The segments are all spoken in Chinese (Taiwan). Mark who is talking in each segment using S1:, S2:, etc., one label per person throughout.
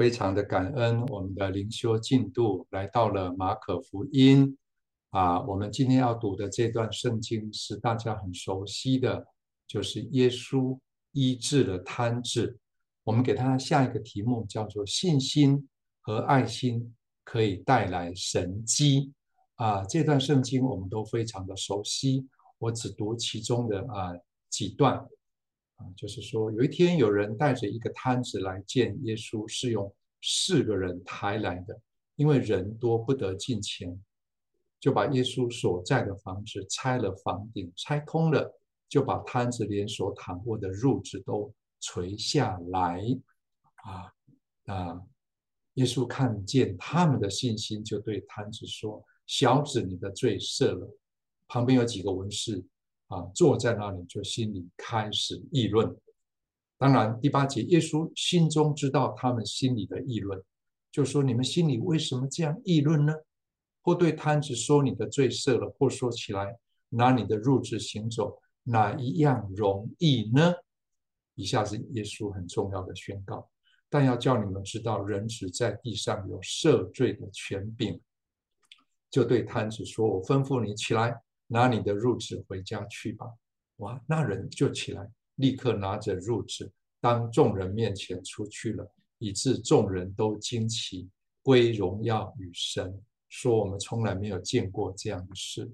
S1: 非常的感恩，我們的靈修進度來到了馬可福音啊。我們今天要讀的這段聖經是大家很熟悉的，就是耶穌醫治了癱子。我們給他下一個題目叫做“信心和愛心可以帶來神蹟”。啊，這段聖經我們都非常的熟悉，我只讀其中的啊幾段。啊、就是說，有一天有人帶着一個癱子來見耶穌，是用四個人抬來的，因為人多不得進前，就把耶穌所在的房子拆了，房頂拆空了，就把癱子連所躺過的褥子都垂下來。啊啊！耶穌看見他們的信心，就對癱子說：“小子，你的罪赦了。”旁邊有幾個文士。啊，坐在那裡就心裡開始議論。當然，第八節，耶穌心中知道他們心裡的議論，就說：“你們心裡為什麼這樣議論呢？或對癱子說你的罪赦了，或說起來拿你的褥子行走，哪一樣容易呢？”以下是，耶穌很重要的宣告，但要叫你們知道，人子在地上有赦罪的權柄。就對癱子說：“我吩咐你起來。”拿你的褥子回家去吧。哇，那人就起來，立刻拿着褥子，當眾人面前出去了，以致眾人都驚奇，歸榮耀與神，說我們從來沒有見過這樣的事。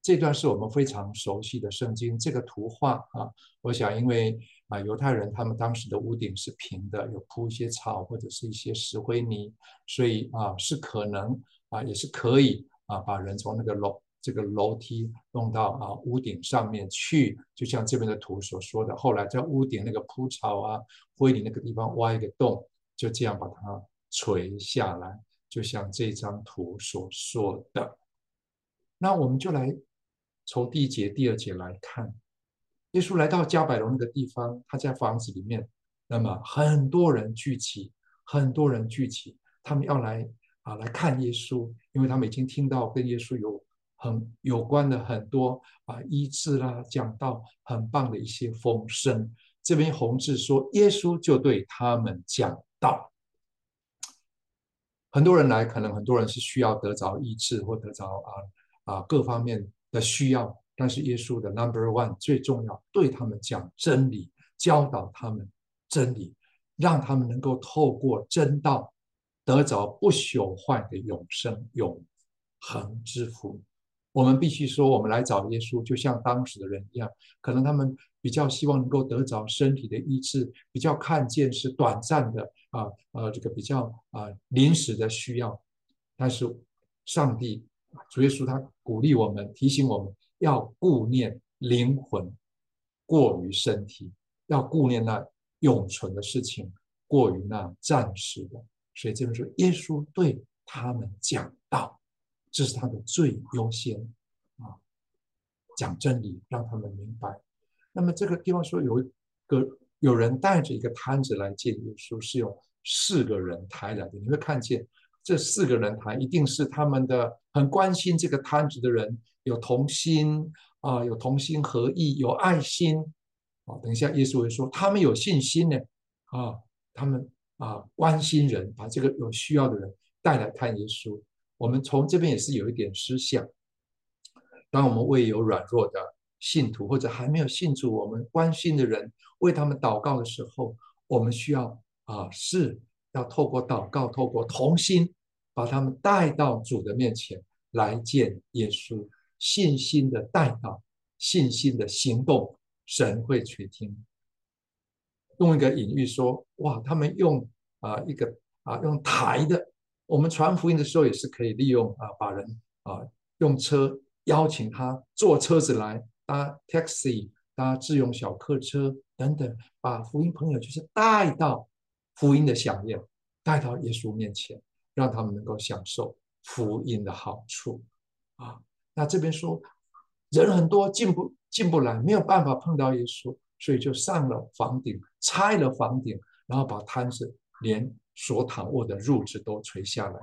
S1: 這段是我們非常熟悉的聖經。這個圖畫啊，我想因為啊，猶太人他們當時的屋頂是平的，有鋪一些草或者是一些石灰泥，所以啊，是可能啊，也是可以啊，把人從那個樓。這個樓梯弄到啊屋頂上面去，就像這邊的圖所說的。後來在屋頂那個鋪草啊、灰泥那個地方挖一個洞，就這樣把它垂下來，就像這張圖所說的。那我們就來從第一節、第二節來看，耶穌來到迦百農那個地方，他在房子裡面，那麼很多人聚集，很多人聚集，他們要來啊來看耶穌，因為他們已經聽到跟耶穌有很有關的很多啊，醫治啦、啊，講到很棒的一些風聲。這邊紅字說，耶穌就對他們講道，很多人來，可能很多人是需要得着醫治或得着啊啊各方面的需要，但是耶穌的 number one 最重要，對他們講真理，教導他們真理，讓他們能夠透過真道得着不朽壞的永生永恆之福。我們必須說，我們來找耶穌，就像當時的人一樣，可能他們比較希望能夠得着身體的醫治，比較看見是短暫的啊、呃呃，這個比較啊、呃、臨時的需要。但是上帝主耶穌他鼓勵我們，提醒我們要顧念靈魂過於身體，要顧念那永存的事情過於那暫時的。所以這本書，耶穌對他們講道。這是他的最優先啊！講真理，讓他們明白。那麼這個地方說有一個，有人帶着一個癱子來見耶穌，是有四個人抬來的。你會看見這四個人抬，一定是他們的很關心這個癱子的人，有同心啊，有同心合意，有愛心啊。等一下，耶穌會說他們有信心呢啊，他們啊關心人，把這個有需要的人帶來看耶穌。我們從這邊也是有一點思想，當我們為有軟弱的信徒或者還沒有信主、我們關心的人為他們禱告的時候，我們需要啊，是要透過禱告、透過同心，把他們帶到主的面前來見耶穌，信心的帶到，信心的行動，神會去聽。用一個隱喻說，哇，他們用啊一個啊用抬的。我們傳福音的時候也是可以利用啊，把人啊用車邀請他坐車子來搭 taxi 搭自用小客車等等，把福音朋友就是帶到福音的享宴帶到耶穌面前，讓他們能夠享受福音的好處啊。那這邊說人很多進不進不來，沒有辦法碰到耶穌，所以就上了房頂，拆了房頂，然後把癱子連。所躺臥的褥子都垂下來，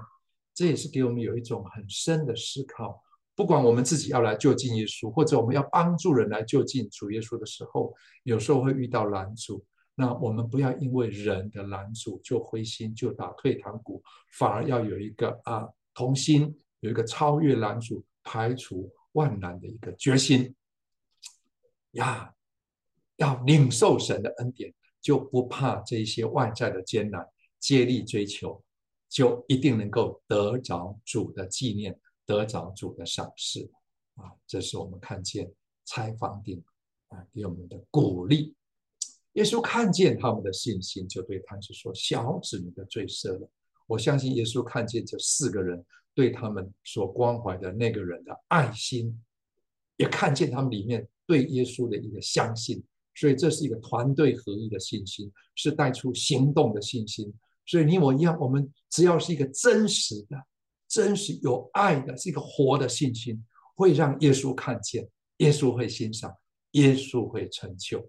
S1: 這也是給我們有一種很深的思考。不管我們自己要來就近耶穌，或者我們要幫助人來就近主耶穌的時候，有時候會遇到攔阻。那我們不要因為人的攔阻就灰心就打退堂鼓，反而要有一個啊同心，有一個超越攔阻、排除萬難的一個決心。呀，要領受神的恩典，就不怕這一些外在的艱難。接力追求，就一定能夠得着主的紀念，得着主的賞識啊！這是我們看見拆房頂啊，給我們的鼓勵。耶穌看見他們的信心，就對癱子說：“小子，你的罪赦了。”我相信耶穌看見這四個人對他們所關懷的那個人的愛心，也看見他們裡面對耶穌的一個相信，所以這是一個團隊合一的信心，是帶出行動的信心。所以你我一樣，我們只要是一個真實的、真實有愛的，是一個活的信心，會讓耶穌看見，耶穌會欣賞，耶穌會成就。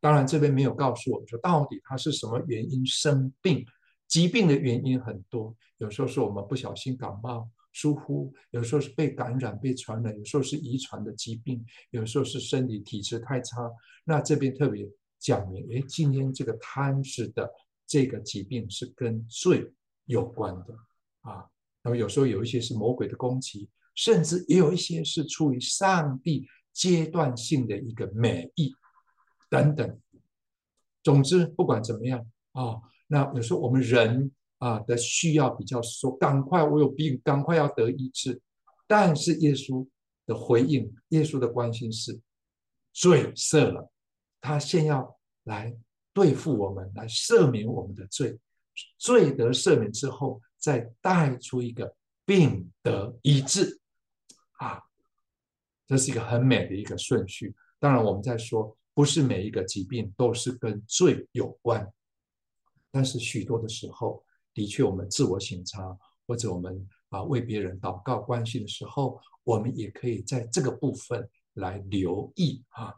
S1: 當然，這邊沒有告訴我們說到底他是什麼原因生病，疾病的原因很多，有時候是我們不小心感冒疏忽，有時候是被感染被傳染，有時候是遺傳的疾病，有時候是身體體質太差。那這邊特別講明，誒、哎，今天這個癱子的。這個疾病是跟罪有關的啊，那麼有時候有一些是魔鬼的攻擊，甚至也有一些是出於上帝階段性的一個美意等等。總之，不管怎麼樣啊，那有時候我們人啊的需要比較說，趕快我有病，趕快要得醫治。但是耶穌的回應，耶穌的關心是罪赦了，他先要來對付我們來赦免我們的罪，罪得赦免之後，再帶出一個病得醫治，啊，這是一個很美的一個順序。當然，我們在說不是每一個疾病都是跟罪有關，但是許多的時候，的確我們自我省察，或者我們啊為別人禱告關係的時候，我們也可以在這個部分來留意啊，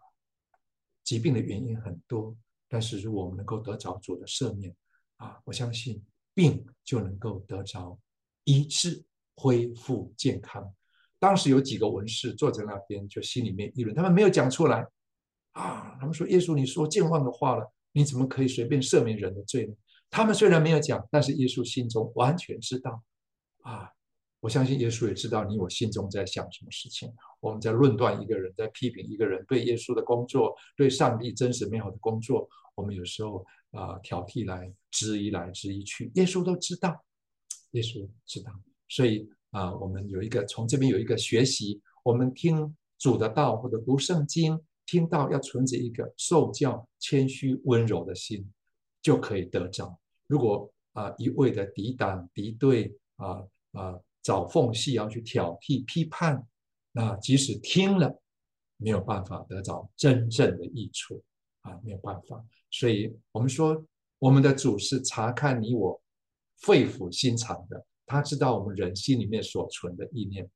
S1: 疾病的原因很多。但是如果我們能夠得着主的赦免啊，我相信病就能夠得着醫治，恢復健康。當時有幾個文士坐在那邊，就心裡面議論，他們沒有講出來啊。他們說：“耶穌，你說僭妄的話了，你怎麼可以隨便赦免人的罪呢？”他們雖然沒有講，但是耶穌心中完全知道啊。我相信耶穌也知道你我心中在想什麼事情。我們在論斷一個人，在批評一個人，對耶穌的工作，對上帝真實美好的工作，我們有時候啊、呃、挑剔來，質疑來，質疑去，耶穌都知道，耶穌知道。所以啊、呃，我們有一個從這邊有一個學習，我們聽主的道或者讀聖經，聽到要存着一個受教、謙虛、溫柔的心，就可以得着。如果啊、呃、一味的抵擋、敵對啊啊。呃呃找縫隙要去挑剔批判，啊，即使聽了，沒有辦法得到真正的益處啊，沒有辦法。所以，我們說，我們的主是查看你我肺腑心腸的，他知道我們人心裡面所存的意念。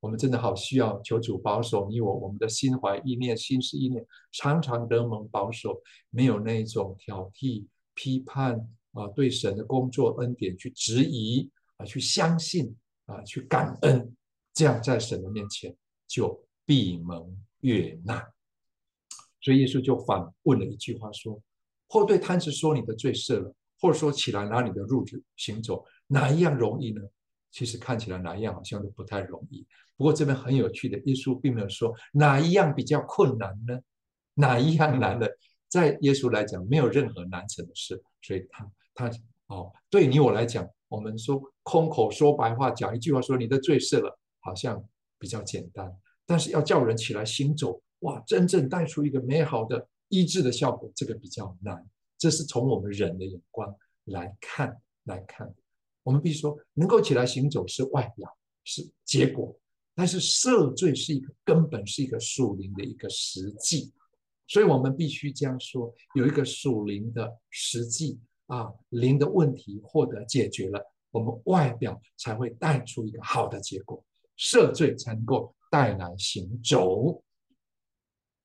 S1: 我們真的好需要求主保守你我，我們的心懷意念、心思意念，常常得蒙保守，沒有那種挑剔批判啊，對神的工作恩典去質疑啊，去相信。啊，去感恩，這樣在神的面前就必蒙悅納。所以耶穌就反問了一句話說：“或對癱子說，你的罪赦了，或者說，起來拿你的褥子行走，哪一樣容易呢？其實看起來哪一樣好像都不太容易。不過這邊很有趣的，耶穌並沒有說哪一樣比較困難呢，哪一樣難呢，在耶穌來講沒有任何難成的事。所以他，他他哦，對你我來講。”我們說空口說白話，講一句話說你的罪赦了，好像比較簡單。但是要叫人起來行走，哇，真正帶出一個美好的醫治的效果，這個比較難。這是從我們人的眼光來看來看。我們必須說，能夠起來行走是外表，是結果；但是赦罪是一個根本，是一個屬靈的一個實際。所以我們必須這樣說，有一個屬靈的實際。啊，靈的問題獲得解決了，我們外表才會帶出一個好的結果，赦罪才能夠帶來行走。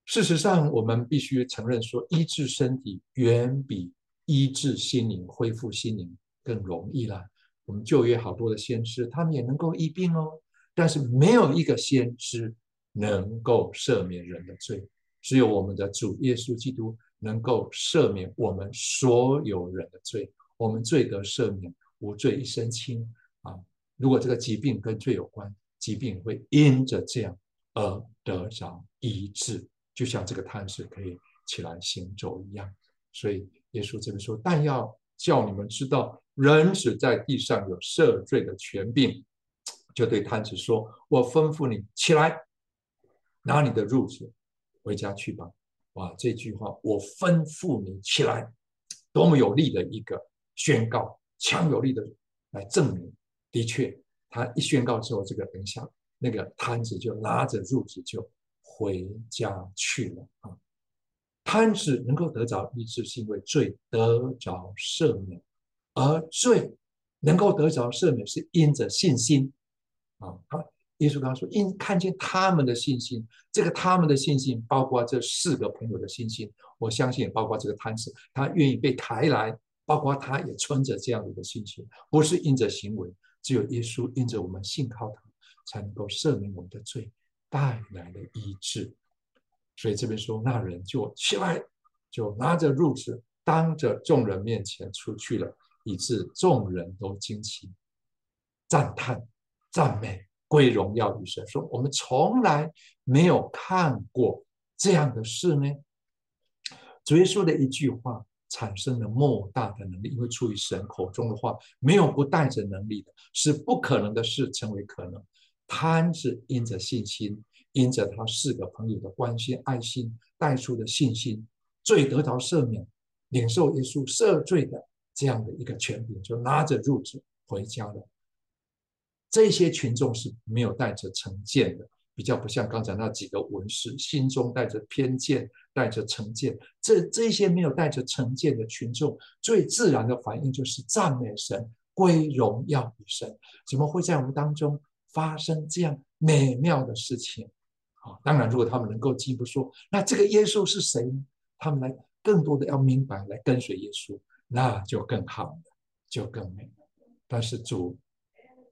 S1: 事實上，我們必須承認說，醫治身體遠比醫治心靈、恢復心靈更容易了。我們舊約好多的先知，他們也能夠醫病哦，但是沒有一個先知能夠赦免人的罪，只有我們的主耶穌基督。能夠赦免我們所有人的罪，我們罪得赦免，無罪一身輕啊！如果這個疾病跟罪有關，疾病會因着這樣而得着醫治，就像這個癱子可以起來行走一樣。所以耶穌這邊說：“但要叫你們知道，人只在地上有赦罪的權柄。”就對癱子說：“我吩咐你起來，拿你的褥子回家去吧。”哇，這句話，我吩咐你起來，多麼有力的一個宣告，強有力的來證明，的確，他一宣告之後，這個等一下那個癱子，就拿着褥子就回家去了啊。癱子能夠得着醫治，是因為罪得着赦免，而罪能夠得着赦免，是因着信心啊。他、啊。耶穌剛說：“因看見他們的信心，這個他們的信心包括這四個朋友的信心，我相信也包括這個癱子，他願意被抬來，包括他也穿着這樣子的信心，不是因着行為，只有耶穌因着我們信靠他，才能夠赦免我們的罪，帶來了醫治。所以這邊說，那人就起來，就拿着褥子，當着眾人面前出去了，以致眾人都驚奇、讚嘆、讚美。”.為榮耀於神，說，我們從來沒有看過這樣的事呢。主耶穌的一句話產生了莫大的能力，因為出於神口中的話，沒有不帶着能力的，使不可能的事成為可能。癱子因着信心，因着他四個朋友的關心愛心帶出的信心，罪得到赦免，領受耶穌赦罪的這樣的一個權柄，就拿着褥子回家了。這些群眾是沒有帶着成見的，比較不像剛才那幾個文士，心中帶着偏見、帶着成見。這這些沒有帶着成見的群眾，最自然的反應就是讚美神，歸榮耀於神。怎麼會在我們當中發生這樣美妙的事情？啊，當然，如果他們能夠進一步說，那這個耶穌是誰？他們來更多的要明白，來跟隨耶穌，那就更好了，就更美。但是主。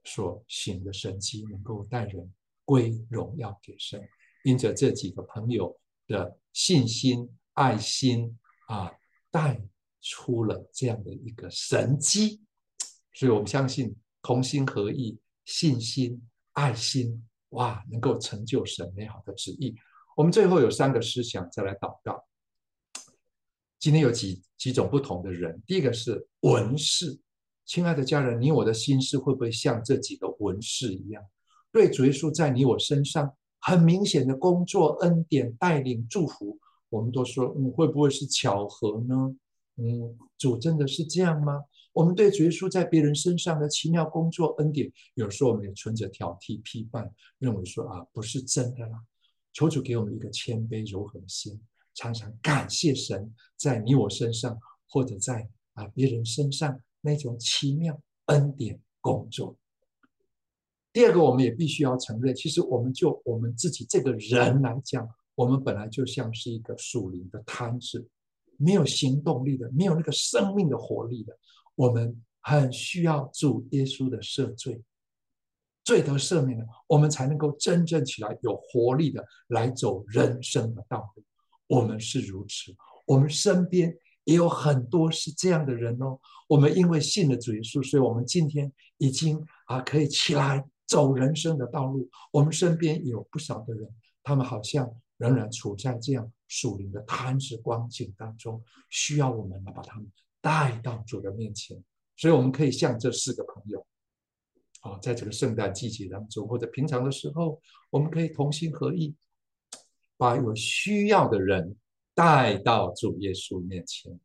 S1: 所行的神蹟，能夠帶人歸榮耀給神。因着這幾個朋友的信心、愛心啊，帶出了這樣的一個神蹟，所以我們相信同心合意、信心、愛心，哇，能夠成就神美好的旨意。我們最後有三個思想再來禱告。今天有幾幾種不同的人，第一個是文士。親愛的家人，你我的心思會不會像這幾個文士一樣，對主耶穌在你我身上很明顯的工作、恩典、帶領祝福，我們都說，嗯，會不會是巧合呢？嗯，主真的是這樣嗎？我們對主耶穌在別人身上的奇妙工作、恩典，有時候我們也存着挑剔批判，認為說啊，不是真的啦。求主給我們一個謙卑柔和的心，常常感謝神在你我身上，或者在啊別人身上。那種奇妙恩典工作。第二個，我們也必須要承認，其實我們就我們自己這個人來講，我們本來就像是一個屬靈的癱子，沒有行動力的，沒有那個生命的活力的。我們很需要主耶穌的赦罪，罪得赦免了，我們才能夠真正起來有活力的來走人生的道路。我們是如此，我們身邊。也有很多是這樣的人哦。我們因為信了主耶穌，所以我們今天已經啊可以起來走人生的道路。我們身邊有不少的人，他們好像仍然處在這樣屬靈的癱子光景當中，需要我們把他們帶到主的面前。所以我們可以像這四個朋友，啊，在這個聖誕季節當中，或者平常的時候，我們可以同心合意，把有需要的人。帶到主耶穌面前，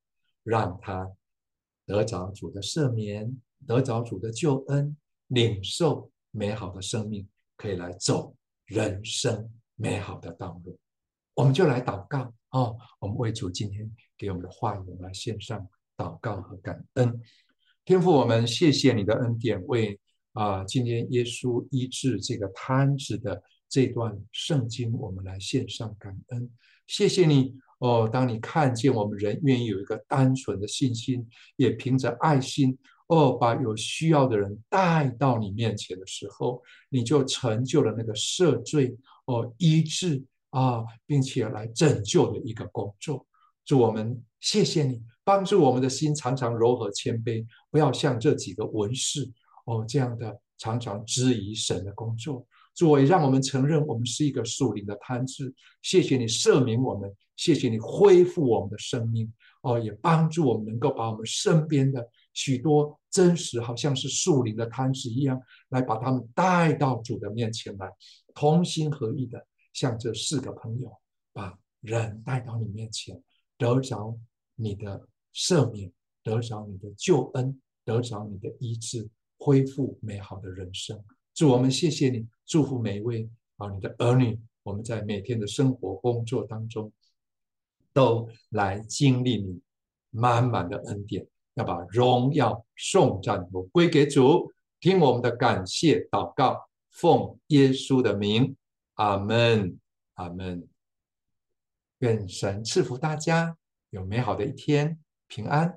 S1: 讓他得着主的赦免，得着主的救恩，領受美好的生命，可以來走人生美好的道路。我們就來禱告哦，我們為主今天給我們的話語來獻上禱告和感恩。天父，我們謝謝你的恩典，為啊，今天耶穌醫治這個癱子的這段聖經，我們來獻上感恩，謝謝你。哦，當你看見我們人願意有一個單純的信心，也憑着愛心，哦，把有需要的人帶到你面前的時候，你就成就了那個赦罪、哦醫治啊，哦，並且來拯救的一個工作。主，我們謝謝你幫助我們的心常常柔和謙卑，不要像這幾個文士，哦，這樣的常常質疑神的工作。主啊，讓我們承認，我們是一個屬靈的癱子，謝謝你赦免我們，謝謝你恢復我們的生命。哦，也幫助我們能夠把我們身邊的許多真實，好像是屬靈的癱子一樣，來把他們帶到主的面前來，同心合意的像這四個朋友，把人帶到你面前，得着你的赦免，得着你的救恩，得着你的醫治，恢復美好的人生。主我們謝謝你，祝福每一位啊，你的兒女，我們在每天的生活工作當中，都來經歷你滿滿的恩典，要把榮耀頌讚都歸給主。聽我們的感謝禱告，奉耶穌的名，阿門，阿門。願神賜福大家，有美好的一天，平安。